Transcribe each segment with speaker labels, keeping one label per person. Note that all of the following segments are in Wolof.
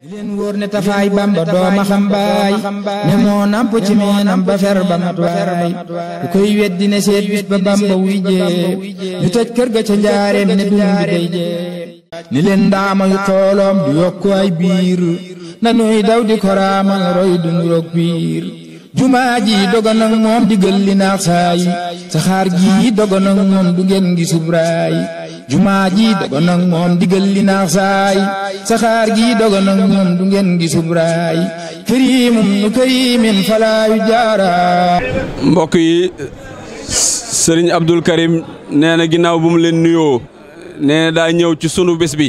Speaker 1: di leen wóor ne tafaay bamba dooma xam ne moo namp ci meenam ba fer ba matwaay ku koy weddi ne seet bis ba bamba wuy jéeb ñu toj kër ga ca njaareem ne dund day jéeb ni leen ndaama yu xooloom du yokku ay biir nanuy daw di koraamal roy dund roog biir jumaa ji dogan ak moom digal li naax saay saxaar ji dogan moom du ngeen ngi subraay jumaa ji dogonog moom digal li naax saxaar gi dogonog moom du ngeen gi subraay kërimum nu kërimin
Speaker 2: falaayu jaara mbokk yi sëriñ Abdul Karim nee ginnaaw bu mu leen nuyoo nee daa ñëw ci sunu bés bi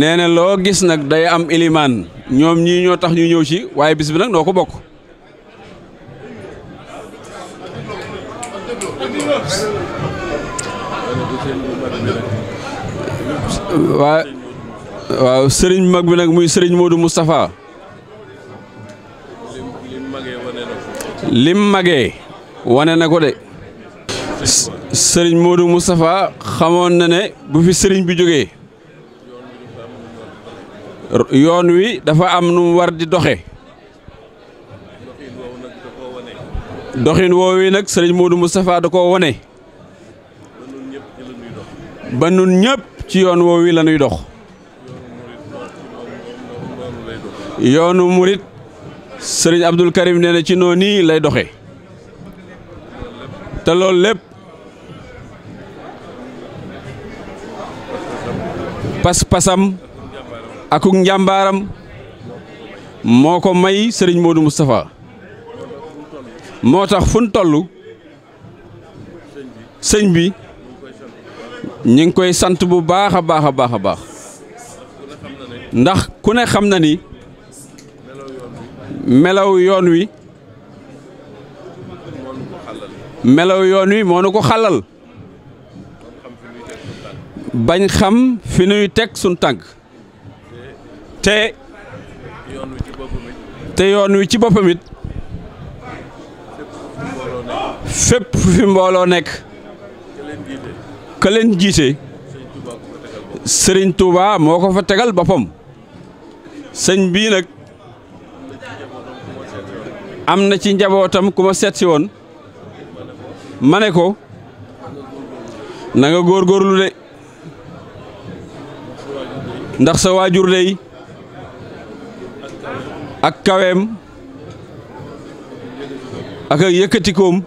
Speaker 2: nee loo gis nag day am ilimaan ñoom ñii ñoo tax ñu ñëw ci waaye bis bi nag noo ko bokk waa waaw sëriñ mag bi nag muy sëriñ Modou Moustapha lim magee wane na ko de sëriñ Modou Moustapha xamoon na ne bu fi sëriñ bi jógee yoon wi dafa am nu mu war di doxe doxin woowi nag sëriñ Modou Moustapha da koo wone ba nun ñëpp ci yoon woowi la ñuy dox yoonu murit sëriñ Abdul Karim nee na ci noo nii lay doxe te loolu lépp pas-pasam akuk njàmbaram moo ko may sëriñ Modou Moustapha moo tax fun tollu sëñ bi ñu ngi koy sant bu baax a baax a baax a baax ndax ku ne xam na ni melow yoon wi melaw yoon wi moo nu ko xalal bañ xam fi nuy teg suñ tànk te yoon wi ci boppamit it fépp fi mbooloo nekk ka leen jiite sëriñ Touba moo ko fa tegal boppam sëñ bii nag am na ci njabootam ku ma seet woon ma ne ko nanga góor góorgóorlu de ndax sa waajur dey ak kaweem ak ak yëkkatikoom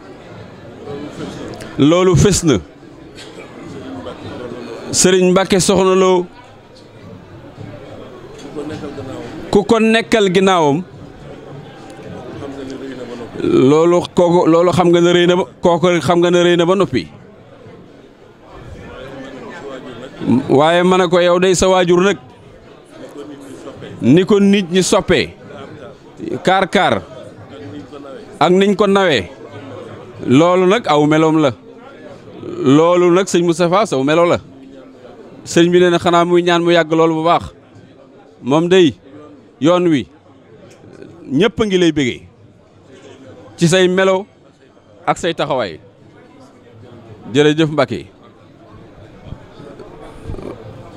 Speaker 2: loolu fés na sëriñ Mbàkke Soxna Lo ku ko nekkal ginnaawam loolu kooku loolu xam nga ne rëy na ba kooku xam nga ne rëy na ba noppi waaye ma ne ko yow day sa waajur nag ni ko nit ñi soppee kaar kaar ak niñ ko nawee loolu nag aw meloom la loolu nag sëñ mu sefaa saw melo la sëñ bi nee xanaa muy ñaan mu yàgg loolu bu baax moom dey yoon wi ñëpp a ngi lay bëggee ci say melo ak say taxawaay jërëjëf Mbacke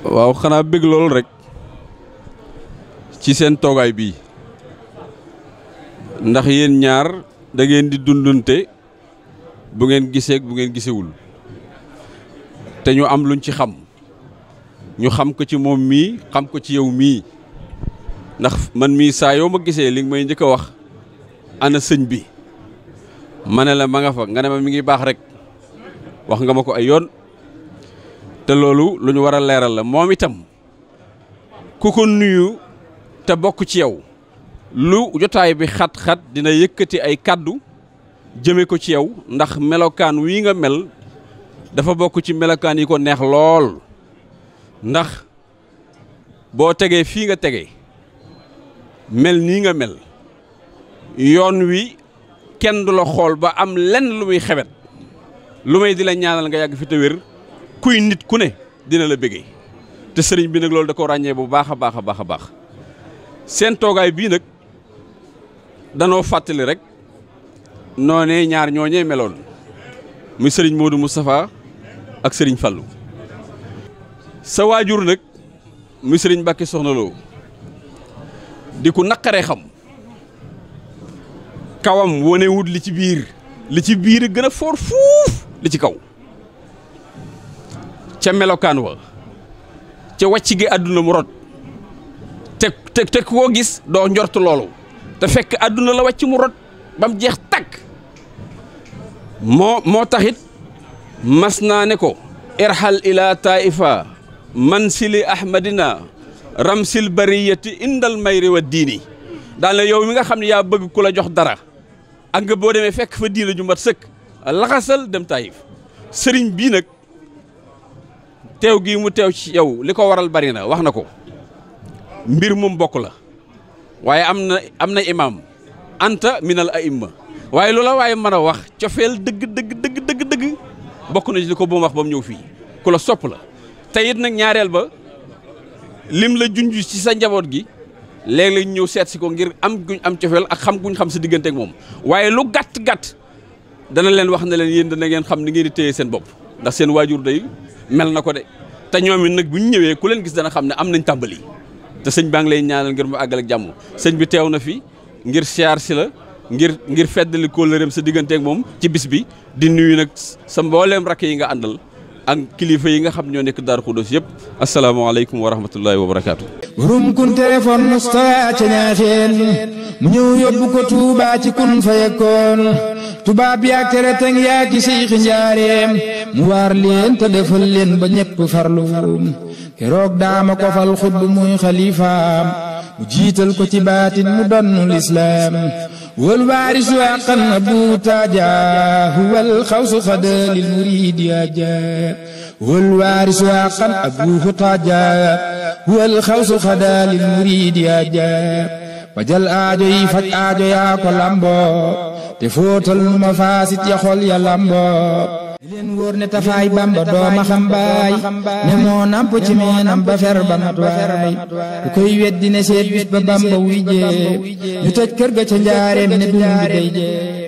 Speaker 2: waaw xanaa bég loolu rek ci seen toogaay bii ndax yéen ñaar da ngeen di dundante bu ngeen giseek bu ngeen gisewul te ñu am luñ ci xam ñu xam ko ci moom mii xam ko ci yow mii ndax man mii saa yow ma gisee li nga may njëkk a wax ana sëñ bi ma ne la ma nga fa nga ne ma mi ngi baax rek wax nga ma ko ay yoon te loolu lu ñu war a leeral la moom itam ku ko nuyu te bokk ci yow. lu jotaay bi xat-xat dina yëkkati ay kàddu jëme ko ci yow ndax melokaan wii nga mel dafa bokk ci melokaan yi ko neex lool ndax boo tegee fii nga tege mel nii nga mel yoon wi kenn du la xool ba am lenn lu muy xewet lu may di la ñaanal nga yàgg fi te wér kuy nit ku ne dina la bëggee te sëriñ bi nag loolu da ko ràññee bu baax a baax a baax a baax seen toogaay bii nag danoo fàttali rek noonee ñaar ñooñee meloon muy sëriñ Modou Moustapha ak sëriñ Fallou sa waajur nag muy sëriñ Mbacke soxnaloo di ku naqaree xam kawam wane wut li ci biir li ci biir gën a foor fuuf li ci kaw ca melokaan wa ca wàcc àdduna mu rot te te te gis doo njort loolu te fekk àdduna la wàcc mu rot ba mu jeex takk moo moo taxit mas naa ne ko irxal ila taifa mansili ahmadina ramsil bariyati indal mayri wa diini daan la yow mi nga xam ne yaa bëgg ku la jox dara ak nga boo demee fekk fa diina ju mat sëkk laxasal dem taayif sëriñ bii nag teew gi mu teew ci yow li ko waral bari na wax na ko mbir moom bokk la waaye am na am na imaam anta minal aimma waaye la waaye mën a wax cofeel dëgg dëgg dëgg dëgg bokk na ci li ko ba mu wax ba mu ñëw fii ku la sopp la te it nag ñaareel ba lim la junj ci sa njaboot gi léeg-léeg ñëw seet si ko ngir am guñ am cofeel ak xam guñ xam sa diggante moom waaye lu gàtt gàtt dana leen wax na leen yéen dana ngeen xam ni ngeen di téye seen bopp ndax seen waajur day mel na ko de te ñoom it nag bu ñu ñëwee ku leen gis dana xam ne am nañ tàmbali. te sëñ baa ngi lay ñaanal ngir mu àggal ak jàmm sëñ bi teew na fi ngir siyaar si la ngir ngir feddali kóllëreem sa diggante ak moom ci bis bi di nuyu nag sa mbooleem rakk yi nga àndal ak kilifa yi nga xam ñoo nekk Daaru Xudoos yëpp asalaamaaleykum wa rahmatullahi wa barakaatu.
Speaker 1: borom kun téléphone Moustapha ca ñaafeen mu ñëw yóbbu ko Touba ci kun fa yekkoon tubaab yaa tere teng yaa ci siixi mu waar leen te defal leen ba ñëpp farlu keroog daama ko fal xutb muy xalifaam mu jiital ko ci baatin mu donnu lislaam wal waarisu àqan abu taaja huwal xawsu xada lil muridi aja wal waarisu àqan abu taaja huwal xawsu xada lil muridi aja fajal aajo yi aajo yaa lamboo te fóotal nu ma faasit ya xol ya lamboo leen wóor ne tafaay bamba dooma xam ne moo namp ci meenam ba fer ba matwaay ku koy weddi ne seet bis ba bamba wuy jéeb ñu toj kër ga ca njaareem ne dund day jéeb